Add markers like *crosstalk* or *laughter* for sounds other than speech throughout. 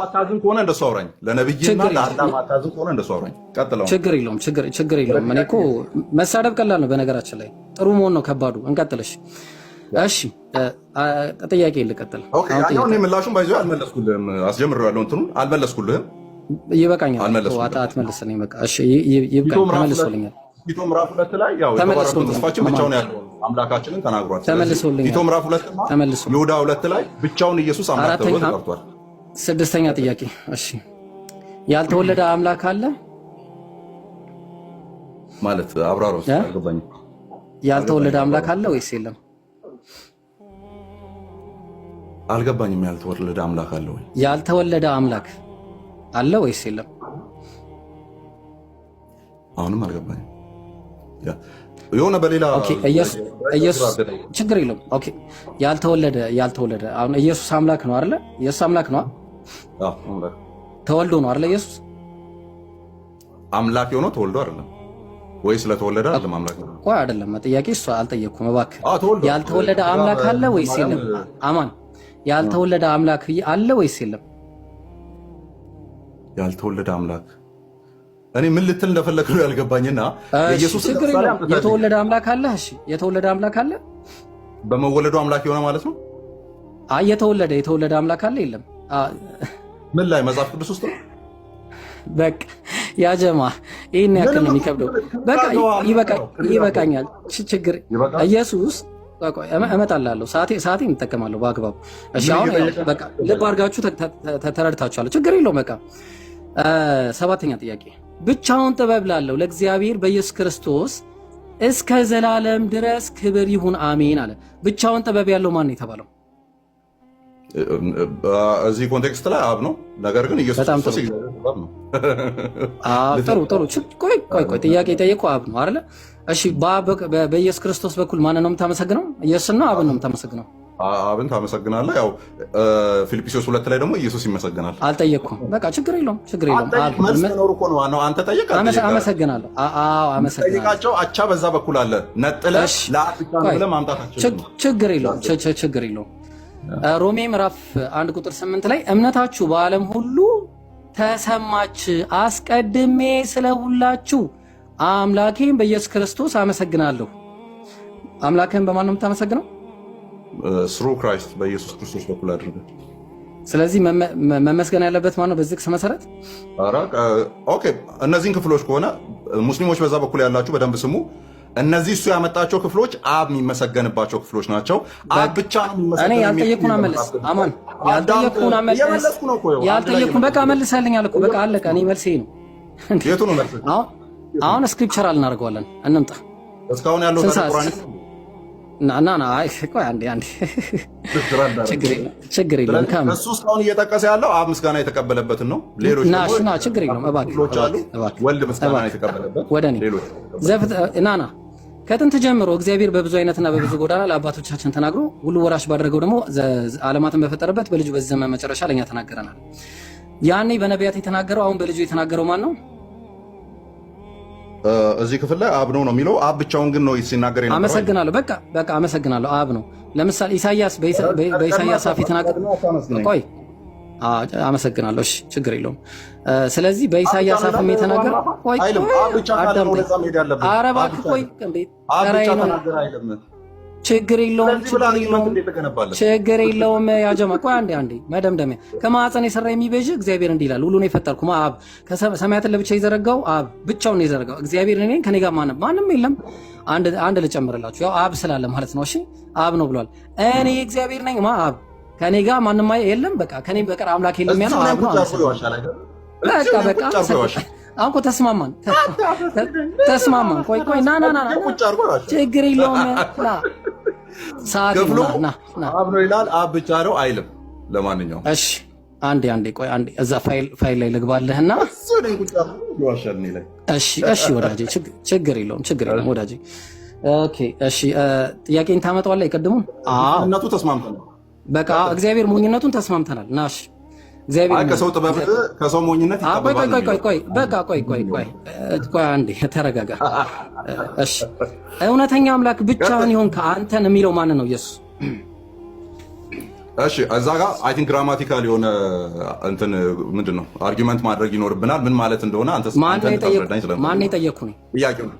ማታዝን ከሆነ እንደሱ አውራኝ ለነብይና ለአላ ማታዝን ከሆነ እንደሱ አውራኝ። ቀጥለው ችግር የለውም ችግር የለውም። እኔ እኮ መሳደብ ቀላል ነው በነገራችን ላይ ጥሩ መሆን ነው ከባዱ። እሺ ጥያቄ ልቀጥል። አሁን ምላሹን ባይዞ አልመለስኩልህም። አልመለስኩልህም። ይበቃኛል። ተመልሶልኛል። ቲቶ ምዕራፍ ሁለት ላይ ያው ተስፋችን ብቻውን ያለውን አምላካችንን ተናግሯል። ተመልሶልኛል። ቲቶ ምዕራፍ ሁለት ይሁዳ ሁለት ላይ ብቻውን ኢየሱስ አምላክ ተብሎ ተጠርቷል። ስድስተኛ ጥያቄ። እሺ ያልተወለደ አምላክ አለ ማለት አብራሮ አልገባኝም። ያልተወለደ አምላክ አለ ወይስ የለም? አልገባኝም። ያልተወለደ አምላክ አለ ወይ? ያልተወለደ አምላክ አለ ወይስ የለም? አሁንም አልገባኝም። የሆነ በሌላ ችግር ኦኬ ያልተወለደ ያልተወለደ አሁን ኢየሱስ አምላክ ነው አለ ኢየሱስ አምላክ ነው ተወልዶ ነው አይደለ? ኢየሱስ አምላክ የሆነው ተወልዶ አይደለም ወይ? ስለተወለደ አይደለም አምላክ ነው። ቆይ አይደለም ጥያቄ፣ እሱ አልጠየቅኩም እባክህ። ያልተወለደ አምላክ አለ ወይስ የለም? አማን ያልተወለደ አምላክ አለ ወይስ የለም? ያልተወለደ አምላክ እኔ ምን ልትል እንደፈለግ ነው ያልገባኝና፣ ኢየሱስ የተወለደ አምላክ አለ። እሺ የተወለደ አምላክ አለ። በመወለዱ አምላክ የሆነ ማለት ነው። አይ የተወለደ የተወለደ አምላክ አለ የለም ምን ላይ መጽሐፍ ቅዱስ ውስጥ ነው? በቃ ያ ጀማ ይህን ያክል ነው የሚከብደው። በቃ ይበቃኛል። ችግር ኢየሱስ እመጣላለሁ። ሰዓቴ እጠቀማለሁ በአግባቡ። እሺ አሁን ልብ አድርጋችሁ ተረድታችኋለሁ። ችግር የለው። በቃ ሰባተኛ ጥያቄ ብቻውን ጥበብ ላለው ለእግዚአብሔር በኢየሱስ ክርስቶስ እስከ ዘላለም ድረስ ክብር ይሁን አሜን አለ። ብቻውን ጥበብ ያለው ማን ነው የተባለው? እዚህ ኮንቴክስት ላይ አብ ነው። ነገር ግን ኢየሱስ ክርስቶስ ጥሩ *laughs* ጥሩ ቆይ ቆይ ቆይ ጥያቄ የጠየቁ አብ ነው አለ። እሺ በኢየሱስ ክርስቶስ በኩል ማንን ነው የምታመሰግነው? ኢየሱስ ነው አብን ነው የምታመሰግነው? አብን ታመሰግናለህ። ያው ፊልጵስዩስ ሁለት ላይ ደግሞ ኢየሱስ ይመሰግናል። አልጠየቅኩም። በቃ ችግር የለውም ችግር የለውም። አንተ ጠየቅ። አመሰግናለሁ። አዎ አመሰግናለሁ። አቻ በዛ በኩል አለ ነጥለህ ለአብ ብቻ ነው ብለህ ማምጣታቸው ችግር የለውም ችግር የለውም ሮሜ ምዕራፍ አንድ ቁጥር ስምንት ላይ እምነታችሁ በዓለም ሁሉ ተሰማች፣ አስቀድሜ ስለ ሁላችሁ አምላኬን በኢየሱስ ክርስቶስ አመሰግናለሁ። አምላክህን በማን ነው የምታመሰግነው? ስሩ ክራይስት በኢየሱስ ክርስቶስ በኩል አድርገ። ስለዚህ መመስገን ያለበት ማነው? በዚህ ክስ መሰረት እነዚህን ክፍሎች ከሆነ ሙስሊሞች በዛ በኩል ያላችሁ በደንብ ስሙ። እነዚህ እሱ ያመጣቸው ክፍሎች አብ የሚመሰገንባቸው ክፍሎች ናቸው። አብ ብቻ ነው በቃ አልኩ። በቃ አለቀ። እኔ መልሴ ነው። የቱ ነው መልስ? አሁን ስክሪፕቸራል እናደርገዋለን። እንምጣ እስካሁን ያለው ቁርአን ናና ችግር የለም። እሱ እስካሁን እየጠቀሰ ያለው አብ ምስጋና የተቀበለበትን ነው። ሌሎች ችግር የለም። ወልድ ምስጋና የተቀበለበት ወደ ከጥንት ጀምሮ እግዚአብሔር በብዙ አይነትና በብዙ ጎዳና ለአባቶቻችን ተናግሮ ሁሉ ወራሽ ባደረገው ደግሞ አለማትን በፈጠረበት በልጁ በዘመን መጨረሻ ለእኛ ተናገረናል። ያኔ በነቢያት የተናገረው አሁን በልጁ የተናገረው ማን ነው? እዚህ ክፍል ላይ አብ ነው ነው የሚለው አብ ብቻውን ግን ነው ሲናገር ነው። አመሰግናለሁ። በቃ በቃ አመሰግናለሁ። አብ ነው። ለምሳሌ ኢሳያስ በኢሳያስ አፍ የተናገር ቆይ አመሰግናለሁ። እሺ ችግር የለውም። ስለዚህ በኢሳያስ አፍ የተናገር ቆይ አብ ብቻ ካለ አዳም አረባ ቆይ አብ ብቻ ችግር የለውም፣ ችግር የለውም። ያጀማ ቆይ አንዴ አንዴ መደምደሚያ ከማዕፀን የሰራ የሚቤዥ እግዚአብሔር እንዲህ ይላል፣ ሁሉን የፈጠርኩ አብ ሰማያትን ለብቻ የዘረጋው አብ ብቻውን ነው የዘረጋው እግዚአብሔር። እኔ ከኔ ጋር ማንም ማንም የለም። አንድ አንድ ልጨምርላችሁ፣ ያው አብ ስላለ ማለት ነው። እሺ አብ ነው ብሏል። እኔ እግዚአብሔር ነኝ፣ ማ አብ ከኔ ጋር ማንም የለም። በቃ ከኔ በቀር አምላክ የለም ያለው አብ ነው። በቃ በቃ አሁን እኮ ተስማማን፣ ተስማማን። ቆይ ቆይ ና ና ና ችግር የለውም ከፍሎ አብ ነው ይላል። አብ ብቻ ነው አይልም። ለማንኛውም እሺ፣ አንዴ አንዴ ቆይ አንዴ፣ እዛ ፋይል ላይ ልግባልህና እሺ፣ እሺ ወዳጄ፣ ችግር የለውም ችግር የለውም ወዳጄ። ኦኬ፣ እሺ፣ ጥያቄን ታመጣዋለህ። የቀድሙን እናቱ ተስማምተናል። በቃ እግዚአብሔር ሞኝነቱን ተስማምተናል። ናሽ ከሰው እውነተኛ አምላክ ብቻህን ይሆን ከአንተን የሚለው ነው? ኢየሱስ። እሺ እዛ ጋር አይ ቲንክ ግራማቲካል የሆነ እንትን ምንድን ነው አርጊመንት ማድረግ ይኖርብናል። ምን ማለት እንደሆነ አንተ ማን ነው ጥያቄው ነው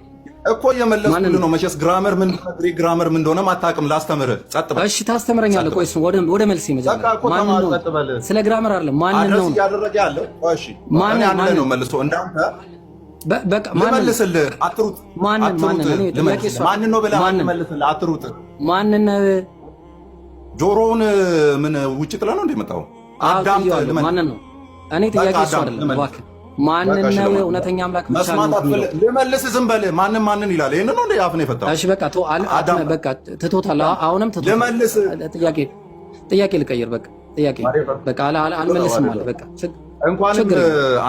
እኮ የመለስኩልህ ነው። መቼስ ግራመር ምን እንደሆነ ግራመር ምን እንደሆነ አታውቅም። ላስተምርህ። ጸጥ በል እሺ። ታስተምረኛለህ? ቆይ ወደ ወደ መልስ ይመጃል። ማንን ነው? ስለ ግራመር አለ ማን ነው ያደረገ ያለው? እሺ ማንን ማን ነው መልሶ እንዳንተ በቃ ማንን መልስልህ። አትሩጥ። ማን ነው ማን ነው ብለህ መልስልህ። አትሩጥ። ነው ጆሮውን ምን ውጭ ጥለህ ነው እንደመጣው አዳም ማን ነው? እኔ ጥያቄ እሱ አይደለም እባክህ ማንን ነው እውነተኛ አምላክ ብቻ ነው ልመልስ? ዝም በል ማንን ማንን ይላል። ይሄን ነው እንደ አፍ የፈታው። እሺ በቃ ተው በቃ ትቶታል። አሁንም ትቶታል። ጥያቄ ልቀይር። በቃ ጥያቄ በቃ አልመልስም ማለት በቃ እንኳንም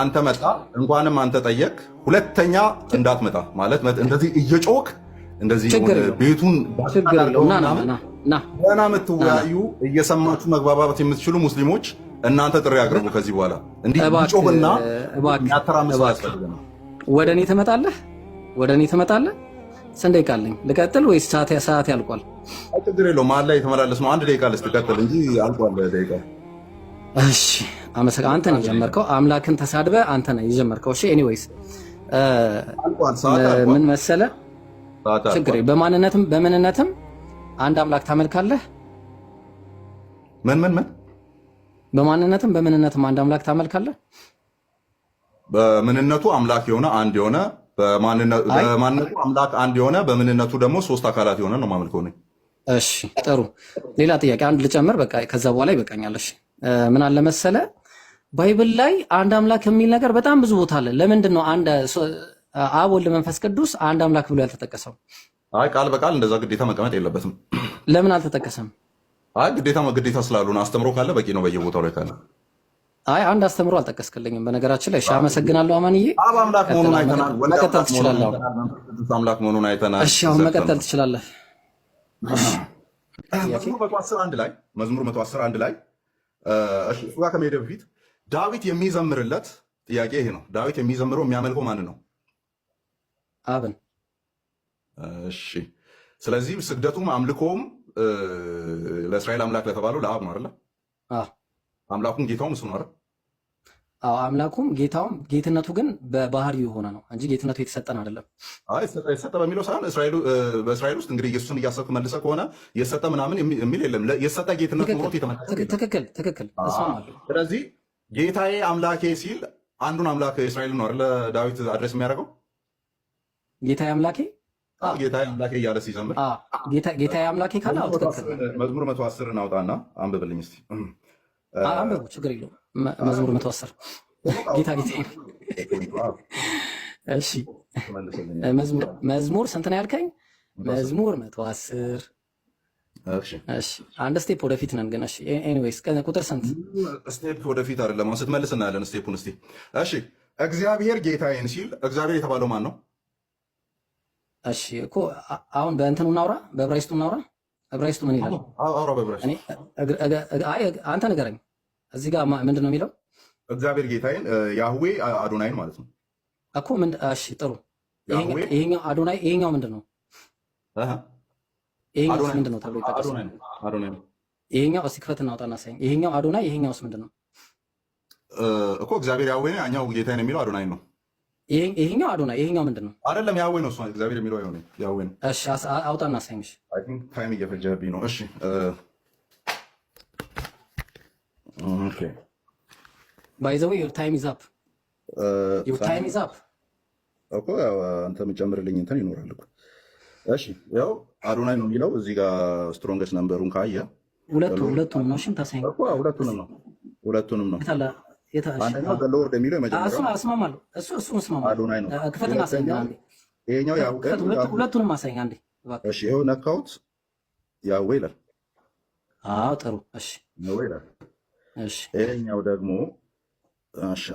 አንተ መጣ እንኳንም አንተ ጠየቅ። ሁለተኛ እንዳትመጣ ማለት እንደዚህ እየጮክ እንደዚህ ቤቱን ና ና ምትወያዩ እየሰማችሁ መግባባት የምትችሉ ሙስሊሞች እናንተ ጥሪ አቅርቡ። ከዚህ በኋላ እንዲህ ጮህና ያተራምስ ያስፈልገናል። ወደ እኔ ትመጣለህ፣ ወደ እኔ ትመጣለህ። ስንት ደቂቃ አለኝ? ልቀጥል ወይስ ሰዓት ያልቋል? ችግር የለውም መሀል ላይ የተመላለስ ነው። አንድ ደቂቃ ልትቀጥል እንጂ አልቋል ደቂቃ። እሺ አመሰግናለሁ። አንተ ነው የጀመርከው። አምላክን ተሳድበ አንተ ነው የጀመርከው። እሺ ኤኒዌይስ ምን መሰለ ችግር በማንነትም በምንነትም አንድ አምላክ ታመልካለህ። ምን ምን ምን በማንነትም በምንነትም አንድ አምላክ ታመልካለህ። በምንነቱ አምላክ የሆነ አንድ የሆነ በማንነቱ አምላክ አንድ የሆነ በምንነቱ ደግሞ ሶስት አካላት የሆነ ነው ማመልከው እሺ ጥሩ። ሌላ ጥያቄ አንድ ልጨምር፣ በቃ ከዛ በኋላ ይበቃኛል። እሺ ምን አለ መሰለ ባይብል ላይ አንድ አምላክ የሚል ነገር በጣም ብዙ ቦታ አለ። ለምንድን ነው አንድ አብ ወልድ መንፈስ ቅዱስ አንድ አምላክ ብሎ ያልተጠቀሰው? አይ ቃል በቃል እንደዛ ግዴታ መቀመጥ የለበትም። ለምን አልተጠቀሰም? አይ ግዴታ ግዴታ ስላሉን አስተምሮ ካለ በቂ ነው። በየቦታው ላይ ካለ አይ አንድ አስተምሮ አልጠቀስክልኝም። በነገራችን ላይ አመሰግናለሁ አማንዬ። አብ አምላክ መሆኑን አይተናል። መቀጠል ትችላለህ። አምላክ መሆኑን አይተናል። እሺ አሁን መቀጠል ትችላለህ። መዝሙር መቶ አስር አንድ ላይ መዝሙር መቶ አንድ ላይ እሱ ጋር ከመሄደ በፊት ዳዊት የሚዘምርለት ጥያቄ ይሄ ነው። ዳዊት የሚዘምረው የሚያመልከው ማን ነው? አብን። እሺ ስለዚህ ስግደቱም አምልኮውም ለእስራኤል አምላክ ለተባለው ለአብ ነው አይደለ? አምላኩም ጌታውም እሱ ነው አይደል? አምላኩም ጌታውም ጌትነቱ ግን በባህሪው የሆነ ነው እንጂ ጌትነቱ የተሰጠን አይደለም። የተሰጠ በሚለው ሳይሆን በእስራኤል ውስጥ እንግዲህ ኢየሱስን እያሰብክ መልሰ ከሆነ የሰጠ ምናምን የሚል የለም። የሰጠ ጌትነት ኖሮት የተመለሰ ትክክል፣ ትክክል። ስለዚህ ጌታዬ አምላኬ ሲል አንዱን አምላክ እስራኤል ነው አይደለ ዳዊት አድረስ የሚያደርገው ጌታዬ አምላኬ ጌታ አምላኬ እያለ ሲዘምር ጌታ አምላኬ ካለ መዝሙር መቶ አስርን አውጣና አንብብልኝ እስኪ። አንብቡ፣ ችግር የለውም። መዝሙር መቶ አስር ጌታ ጌታ። እሺ መዝሙር ስንት ነው ያልከኝ? መዝሙር መቶ አስር አንድ ስቴፕ ወደፊት ነን ግን። ኤኒዌይስ ቁጥር ስንት ስቴፕ ወደፊት አይደለም። ስትመልስ እናያለን ስቴፑን። እስኪ እሺ፣ እግዚአብሔር ጌታዬን ሲል እግዚአብሔር የተባለው ማን ነው? እሺ እኮ አሁን በእንትኑ እናውራ፣ በእብራይስጡ እናውራ። እብራይስጡ ምን ይላል? አይ አንተ ንገረኝ። እዚህ ጋር ምንድን ነው የሚለው? እግዚአብሔር ጌታዬን ያህዌ አዶናይን ማለት ነው እኮ ምን። እሺ ጥሩ። ይሄኛው አዶናይ፣ ይሄኛው ምንድን ነው? ይሄኛውስ ምንድን ነው ተብሎ ይጠቀሳል? ይሄኛው እስኪ ክፈት እናውጣና ሳይ፣ ይሄኛው አዶናይ፣ ይሄኛውስ ምንድን ነው እኮ? እግዚአብሔር ያህዌ ነው፣ ያኛው ጌታዬን የሚለው አዶናይ ነው ይሄኛው አዶና ይሄኛው ምንድን ነው? አይደለም ያዌ ነው። እሷን እግዚአብሔር የሚለው ያው ነው ያዌ ነው። እሺ አውጣና ሳይምሽ አይ ቲንክ ታይም እየፈጀብኝ ነው። እሺ ኦኬ ባይ ዘ ዌይ ዩር ታይም ኢዝ አፕ ዩር ታይም ኢዝ አፕ እኮ ያው አንተ የምጨምርልኝ እንትን ይኖራል እኮ። እሺ ያው አዶናይ ነው የሚለው እዚህ ጋር ስትሮንገስት ነምበሩን ካየ ሁለቱ ሁለቱንም ነው። እሺ ታሳይ እኮ ሁለቱንም ነው። ሁለቱንም ነው ታላ ሎርድ የሚለው አስማማለሁ። እሱን እስማማለሁ። ክፈትና አሳይኝ። ይኸኛው ሁለቱንም ያዌ ይላል። ጥሩ ይላል። ይኸኛው ደግሞ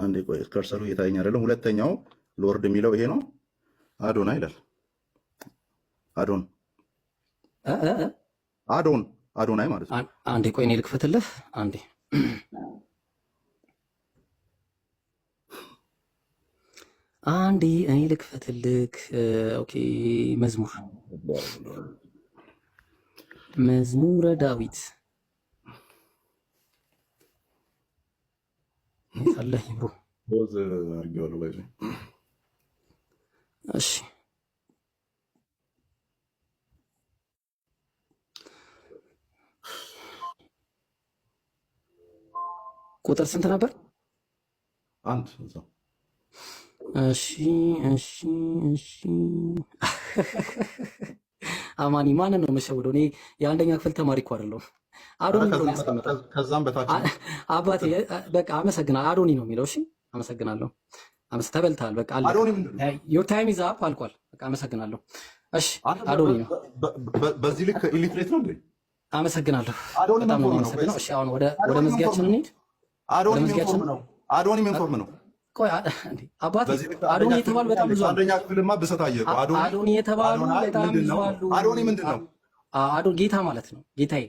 አንዴ ቆይ፣ ከርሰሩ እየታየኝ አይደለም። ሁለተኛው ሎርድ የሚለው ይሄ ነው። አዶና ይላል። አዶን አዶን አዶናይ ማለት ነው። አንዴ ቆይ እኔ ልክፈትልህ አንዴ አንዴ እኔ ልክፈትልክ። ኦኬ መዝሙር መዝሙረ ዳዊት ሳለህ ብሮ እሺ ቁጥር ስንት ነበር? አንድ እሺ እሺ እሺ። *laughs* አማኒ ማንን ነው የምሸውደው? እኔ የአንደኛ ክፍል ተማሪ እኮ አይደለሁም። አዶኒ ነው የሚያስቀምጠው። ከዛም በታች አባቴ በቃ አመሰግናለሁ። አዶኒ ነው የሚለው። እሺ አመሰግናለሁ። አመሰ ተበልተሃል። በቃ አለ ዮር ታይም ኢዝ አፕ አልቋል። በቃ አመሰግናለሁ። እሺ አዶኒ ነው። በዚህ ልክ ኢሊትሬት ነው እንዴ? አመሰግናለሁ። በጣም ነው እሺ አሁን ወደ ወደ መዝጊያችን እንሂድ። አዶኒ ኢንፎርም ነው። አዶኒ ነው አዶኒ ነው ቆይ አባቴ አዶኒ የተባሉ በጣም ብዙ አንደኛ ክፍልማ ብሰታየ አዶኒ የተባሉ በጣም ብዙ አሉ። አዶኒ ምንድን ነው? አዶ ጌታ ማለት ነው። ጌታዬ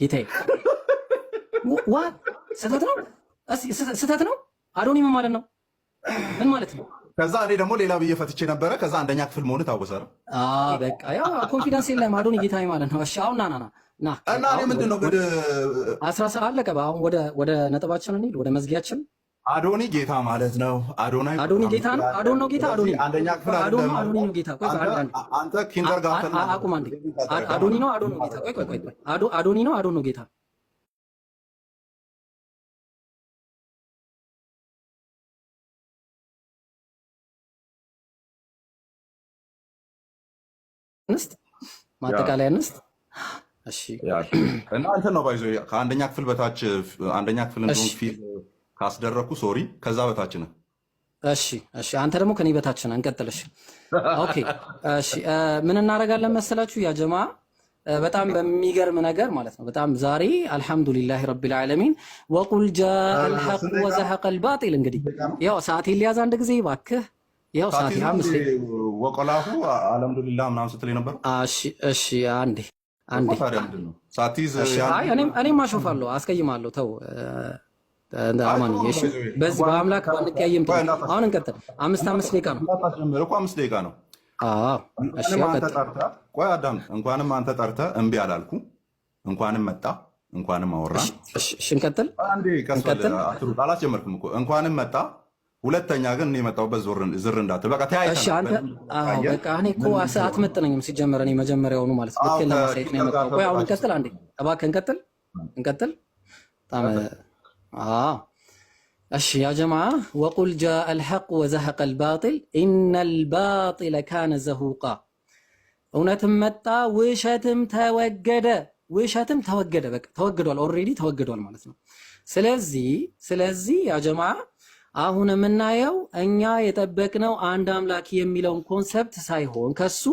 ጌታዬ፣ *laughs* ዋ ስህተት ነው፣ ስህተት ነው። አዶኒ ምን ማለት ነው? ምን ማለት ነው? ከዛ እኔ ደግሞ ሌላ ብዬ ፈትቼ ነበረ። ከዛ አንደኛ ክፍል መሆን ታወሰ በቃ ያው ኮንፊደንስ የለም። አዶኒ ጌታዬ ማለት ነው። እሺ አሁን ና ና ና እና እኔ ምንድን ነው ወደ አስራ አለቀ። አሁን ወደ ነጥባችን እንሂድ፣ ወደ መዝጊያችን አዶኒ ጌታ ማለት ነው። አዶናይ አዶኒ ጌታ ነው። አዶን ነው ጌታ አዶኒ አንደኛ ክፍል አዶኒ አዶኒ ነው ጌታ። ቆይ አንተ ኪንደር ኪንደርጋርተን አቁም አንዴ። አዶኒ ነው አዶን ነው ጌታ። ቆይ ቆይ ቆይ አዶ አዶኒ ነው አዶን ነው ጌታ እንስት ማጠቃለያ እንስት እሺ እና አንተ ነው ባይዞ ከአንደኛ ክፍል በታች አንደኛ ክፍል እንደሆነ ፊት ካስደረኩ ሶሪ፣ ከዛ በታች ነህ። እሺ እሺ፣ አንተ ደግሞ ከኔ በታች ነህ። እንቀጥልሽ። ኦኬ እሺ፣ ምን እናደርጋለን መሰላችሁ ያ ጀማ በጣም በሚገርም ነገር ማለት ነው። በጣም ዛሬ አልሐምዱሊላህ ረቢል ዓለሚን ወቁል ጃአል ሐቅ ወዘሐቀ አልባጢል። እንግዲህ ያው ሰዓት ሊያዝ አንድ ጊዜ እባክህ። ያው ሰዓት አምስት ወቆላሁ አልሐምዱሊላህ ምናምን ስትል ነበር። እሺ እሺ፣ አንዴ አንዴ። እኔም አሾፋለሁ፣ አስቀይማለሁ። ተው አማን እሺ፣ በዚህ በአምላክ ባንቀያየም አሁን እንቀጥል። አምስት አምስት ደቂቃ ነው እኮ አምስት ደቂቃ ነው። ቆይ አዳም፣ እንኳንም አንተ ጠርተህ እምቢ አላልኩ። እንኳንም መጣ፣ እንኳንም አወራ። እሺ እንቀጥል። አላስጀመርኩም እኮ እንኳንም መጣ። ሁለተኛ ግን እኔ የመጣሁበት ዝር እንዳትል። በቃ ተያይተን በቃ እኔ እኮ አትመጥነኝም ሲጀመር። እኔ መጀመሪያውኑ ማለት ነው። ልኬን ለማሳየት ነው የመጣሁት። ቆይ አሁን እንቀጥል። አንዴ እባክህ እንቀጥል፣ እንቀጥል በጣም እሺ ያ ጀማ ወቁል ጃአ አልሐቅ ወዘሐቀ አልባጢል ኢነል ባጢለ ካነ ዘሁቃ እውነትም መጣ ውሸትም ተወገደ ውሸትም ተወገደ በቃ ተወግዷል ኦልሬዲ ተወግዷል ማለት ነው ስለዚህ ስለዚህ ያ ጀማ አሁን የምናየው እኛ የጠበቅነው አንድ አምላክ የሚለውን ኮንሰፕት ሳይሆን ከሱ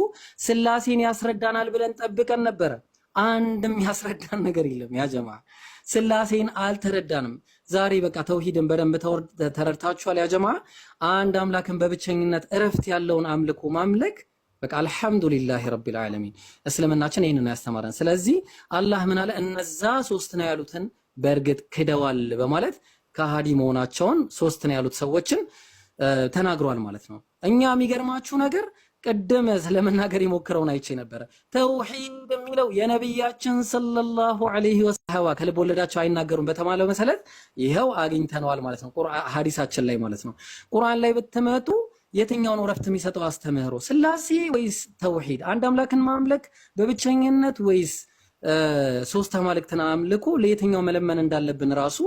ስላሴን ያስረዳናል ብለን ጠብቀን ነበረ አንድም ያስረዳን ነገር የለም ያ ጀማ ስላሴን አልተረዳንም። ዛሬ በቃ ተውሂድን በደንብ ተረድታችኋል። ያጀማ አንድ አምላክን በብቸኝነት እረፍት ያለውን አምልኮ ማምለክ በቃ አልሐምዱሊላህ ረቢል ዓለሚን እስልምናችን ይህንን ያስተማረን። ስለዚህ አላህ ምን አለ? እነዛ ሶስት ነው ያሉትን በእርግጥ ክደዋል በማለት ከሃዲ መሆናቸውን ሶስት ነው ያሉት ሰዎችን ተናግሯል ማለት ነው። እኛ የሚገርማችሁ ነገር ቅድም ስለመናገር የሞክረውን አይቼ ነበረ። ተውሂድ የሚለው የነቢያችን ሰለላሁ ዐለይሂ ወሰለም ከልብ ወለዳቸው አይናገሩም በተባለው መሰረት ይኸው አግኝተነዋል ማለት ነው፣ ሀዲሳችን ላይ ማለት ነው። ቁርአን ላይ ብትመጡ የትኛው ነው ረፍት የሚሰጠው አስተምህሮ? ስላሴ ወይስ ተውሂድ? አንድ አምላክን ማምለክ በብቸኝነት ወይስ ሶስት አማልክትን አምልኮ? ለየትኛው መለመን እንዳለብን ራሱ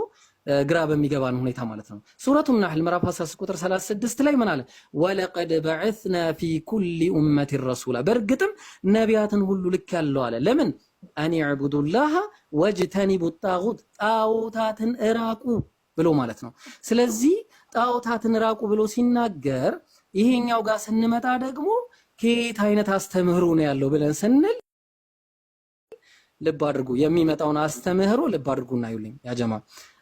ግራ በሚገባን ሁኔታ ማለት ነው። ሱረቱ ናህል ምዕራፍ 16 ቁጥር 36 ላይ ምን አለ? ወለቀድ በዐትና ፊ ኩሊ ኡመቲን ረሱላ፣ በእርግጥም ነቢያትን ሁሉ ልክ ያለው አለ። ለምን አን ዕቡዱላህ ወጅተኒቡ ጣጉት፣ ጣዖታትን እራቁ ብሎ ማለት ነው። ስለዚህ ጣዖታትን እራቁ ብሎ ሲናገር ይሄኛው ጋር ስንመጣ ደግሞ ከየት አይነት አስተምህሮ ነው ያለው ብለን ስንል ልብ አድርጉ፣ የሚመጣውን አስተምህሮ ልብ አድርጉና ይውልኝ ያጀማ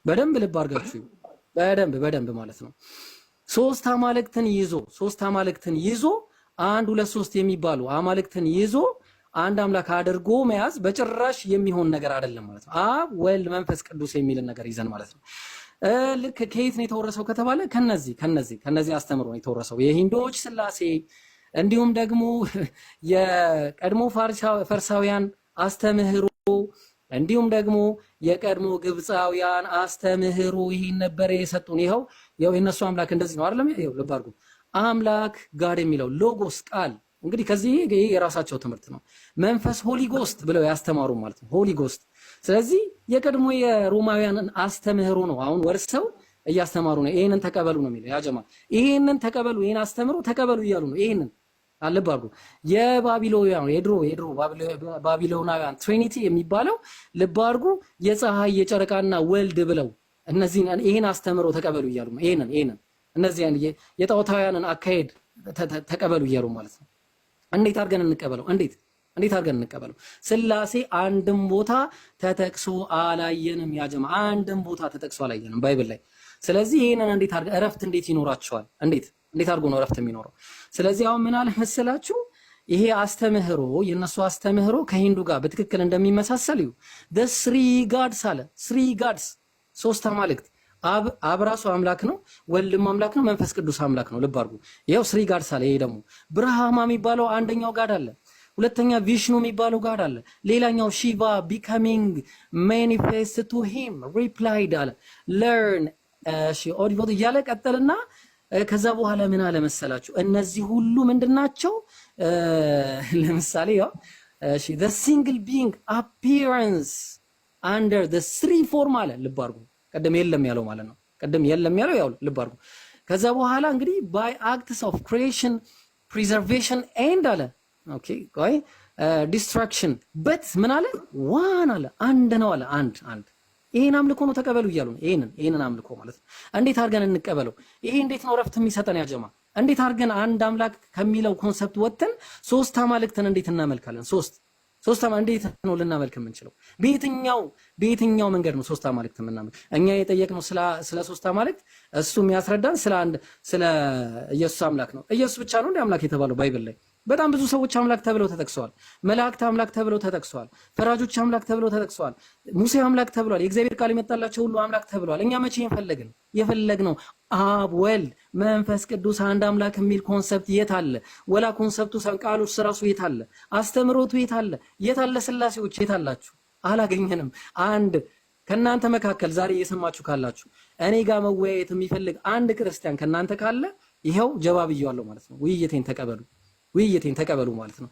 በደንብ ልብ አድርጋችሁ በደንብ በደንብ ማለት ነው። ሶስት አማልክትን ይዞ ሶስት አማልክትን ይዞ አንድ ሁለት ሶስት የሚባሉ አማልክትን ይዞ አንድ አምላክ አድርጎ መያዝ በጭራሽ የሚሆን ነገር አይደለም ማለት ነው። አብ ወልድ፣ መንፈስ ቅዱስ የሚልን ነገር ይዘን ማለት ነው። ልክ ከየት ነው የተወረሰው ከተባለ ከነዚህ ከነዚህ ከነዚህ አስተምሮ ነው የተወረሰው የሂንዶች ስላሴ እንዲሁም ደግሞ የቀድሞ ፈርሳውያን አስተምህሮ እንዲሁም ደግሞ የቀድሞ ግብፃውያን አስተምህሩ ይሄን ነበረ የሰጡን። ይኸው ያው የነሱ አምላክ እንደዚህ ነው አይደለም? ይኸው ልብ አድርጉ። አምላክ ጋር የሚለው ሎጎስ ቃል እንግዲህ ከዚህ ይሄ የራሳቸው ትምህርት ነው። መንፈስ ሆሊ ጎስት ብለው ያስተማሩ ማለት ነው። ሆሊ ጎስት። ስለዚህ የቀድሞ የሮማውያንን አስተምህሩ ነው አሁን ወርሰው እያስተማሩ ነው። ይሄንን ተቀበሉ ነው የሚለው። ያጀማ ይሄንን ተቀበሉ፣ ይሄን አስተምሩ ተቀበሉ እያሉ ነው ይሄንን አለብ አድርጎ የባቢሎናውያን የድሮ የድሮ ባቢሎናውያን ትሪኒቲ የሚባለው ልብ አድርጉ የፀሐይ የጨረቃና ወልድ ብለው እነዚህ ይሄን አስተምሮ ተቀበሉ እያሉ ነው። ይሄንን እነዚህ እነዚህን የጣዖታውያንን አካሄድ ተቀበሉ እያሉ ማለት ነው። እንዴት አድርገን እንቀበለው? እንዴት እንዴት አድርገን እንቀበለው? ስላሴ አንድም ቦታ ተጠቅሶ አላየንም። ያጀማ አንድም ቦታ ተጠቅሶ አላየንም ባይብል ላይ። ስለዚህ ይሄንን እንዴት አድርገን እረፍት እንዴት ይኖራቸዋል? እንዴት እንዴት አድርጎ ነው እረፍት የሚኖረው? ስለዚህ አሁን ምን አለ መሰላችሁ ይሄ አስተምህሮ የእነሱ አስተምህሮ ከሂንዱ ጋር በትክክል እንደሚመሳሰል እዩ። ስሪ ጋድስ አለ። ስሪ ጋድስ ሶስት አማልክት አብ ራሱ አምላክ ነው፣ ወልድም አምላክ ነው፣ መንፈስ ቅዱስ አምላክ ነው። ልብ አድርጉ። ይሄው ስሪ ጋድስ አለ። ይሄ ደግሞ ብርሃማ የሚባለው አንደኛው ጋድ አለ። ሁለተኛ ቪሽኑ የሚባለው ጋድ አለ። ሌላኛው ሺቫ ቢካሚንግ ማኒፌስት ቱ ሂም ሪፕላይድ አለ። ለርን እሺ እያለ ቀጠልና ከዛ በኋላ ምን አለ መሰላችሁ እነዚህ ሁሉ ምንድናቸው? ለምሳሌ ያው እሺ the single being appearance under the three form አለ ልብ አድርጉ። ቀደም የለም ያለው ማለት ነው። ቀደም የለም ያለው ያው ልብ አድርጉ። ከዛ በኋላ እንግዲህ by acts of creation preservation and አለ ኦኬ ቆይ ዲስትራክሽን በት ምን አለ ዋን አለ አንድ ነው አለ አንድ አንድ ይሄን አምልኮ ነው ተቀበሉ እያሉ ነው። ይሄንን ይሄንን አምልኮ ማለት ነው። እንዴት አድርገን እንቀበለው? ይሄ እንዴት ነው ረፍት የሚሰጠን? ያጀማ እንዴት አድርገን አንድ አምላክ ከሚለው ኮንሰፕት ወጥተን ሶስት አማልክትን እንዴት እናመልካለን? ሶስት ሶስት እንዴት ነው ልናመልክ የምንችለው? በየትኛው በየትኛው መንገድ ነው ሶስት አማልክት የምናመልክ? እኛ የጠየቅነው ስለ ስለ ሶስት አማልክት፣ እሱ የሚያስረዳን ስለ አንድ ስለ ኢየሱስ አምላክ ነው። ኢየሱስ ብቻ ነው እንደ አምላክ የተባለው ባይብል ላይ በጣም ብዙ ሰዎች አምላክ ተብለው ተጠቅሰዋል። መላእክት አምላክ ተብለው ተጠቅሰዋል። ፈራጆች አምላክ ተብለው ተጠቅሰዋል። ሙሴ አምላክ ተብሏል። የእግዚአብሔር ቃል የመጣላቸው ሁሉ አምላክ ተብሏል። እኛ መቼ የፈለግን ነው አብ ወልድ መንፈስ ቅዱስ አንድ አምላክ የሚል ኮንሰፕት የት አለ? ወላ ኮንሰፕቱ ቃሎች ራሱ የት አለ? አስተምሮቱ የት አለ? የት አለ? ስላሴዎች የት አላችሁ? አላገኘንም። አንድ ከእናንተ መካከል ዛሬ እየሰማችሁ ካላችሁ እኔ ጋር መወያየት የሚፈልግ አንድ ክርስቲያን ከእናንተ ካለ ይኸው ጀባ ብያዋለሁ ማለት ነው። ውይይቴን ተቀበሉ። ውይይቴን ተቀበሉ ማለት ነው።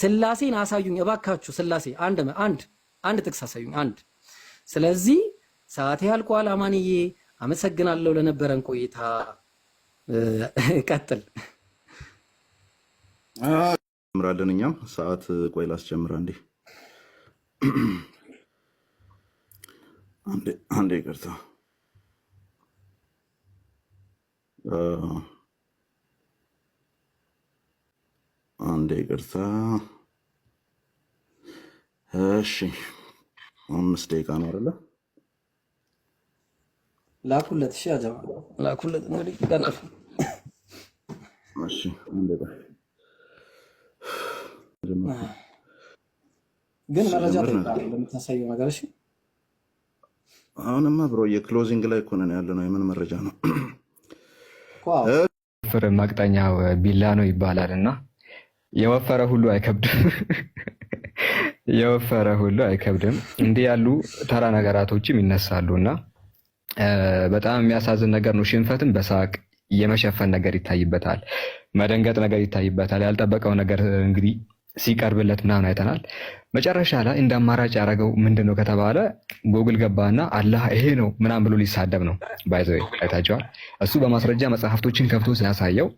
ስላሴን አሳዩኝ እባካችሁ ስላሴ አንድ አንድ አንድ ጥቅስ አሳዩኝ አንድ። ስለዚህ ሰዓቴ አልቋል። አማንዬ አመሰግናለሁ ለነበረን ቆይታ። ቀጥል ጀምራለን። እኛም ሰዓት ቆይ ላስጀምር እንዴ አንዴ አንዴ ይቅርታ አንዴ ይቅርታ። እሺ አምስት ደቂቃ ነው አይደለ? ላኩለት። እሺ አጀባ ላኩለት። እንግዲህ ቀጠፍ። እሺ ግን መረጃ ለምታሳየው ነገር እሺ። አሁንማ ብሮ የክሎዚንግ ላይ ኮነን ያለ ነው። የምን መረጃ ነው? ፍር ቢላ ነው ይባላል እና የወፈረ ሁሉ አይከብድም። *laughs* የወፈረ ሁሉ አይከብድም። እንዲህ ያሉ ተራ ነገራቶችም ይነሳሉ እና በጣም የሚያሳዝን ነገር ነው። ሽንፈትን በሳቅ የመሸፈን ነገር ይታይበታል። መደንገጥ ነገር ይታይበታል። ያልጠበቀው ነገር እንግዲህ ሲቀርብለት ምናምን አይተናል። መጨረሻ ላይ እንደ አማራጭ ያደረገው ምንድን ነው ከተባለ ጎግል ገባና አላህ ይሄ ነው ምናም ብሎ ሊሳደብ ነው። ባይዘ አይታቸዋል። እሱ በማስረጃ መጽሐፍቶችን ከፍቶ ሲያሳየው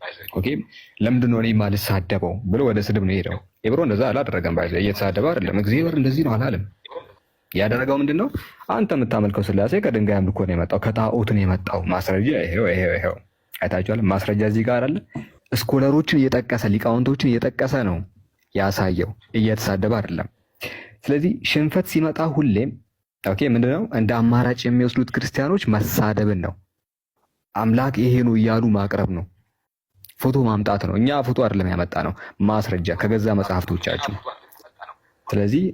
ለምንድን ነው እኔማ ልሳደበው ብሎ ወደ ስድብ ነው የሄደው። ኤብሮ እንደዛ አላደረገም። ባይዘ እየተሳደበ አይደለም። እግዚአብሔር እንደዚህ ነው አላለም። ያደረገው ምንድን ነው? አንተ የምታመልከው ስላሴ ከድንጋይ አምልኮ ነው የመጣው፣ ከጣዖት ነው የመጣው። ማስረጃ ይሄው ይሄው ይሄው። አይታቸዋል። ማስረጃ እዚህ ጋር አለ። ስኮለሮችን እየጠቀሰ ሊቃውንቶችን እየጠቀሰ ነው ያሳየው እየተሳደበ አይደለም። ስለዚህ ሽንፈት ሲመጣ ሁሌም ኦኬ ምንድነው እንደ አማራጭ የሚወስዱት ክርስቲያኖች መሳደብን ነው። አምላክ ይሄ ነው እያሉ ማቅረብ ነው። ፎቶ ማምጣት ነው። እኛ ፎቶ አይደለም ያመጣ ነው፣ ማስረጃ ከገዛ መጽሐፍቶቻችሁ። ስለዚህ